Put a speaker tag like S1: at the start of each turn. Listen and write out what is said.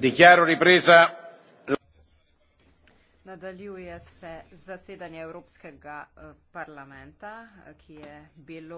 S1: dichiaro ripresa
S2: nadaljuje se zasedanje evropskega eh, parlamenta eh, ki je bilo prekinjeno.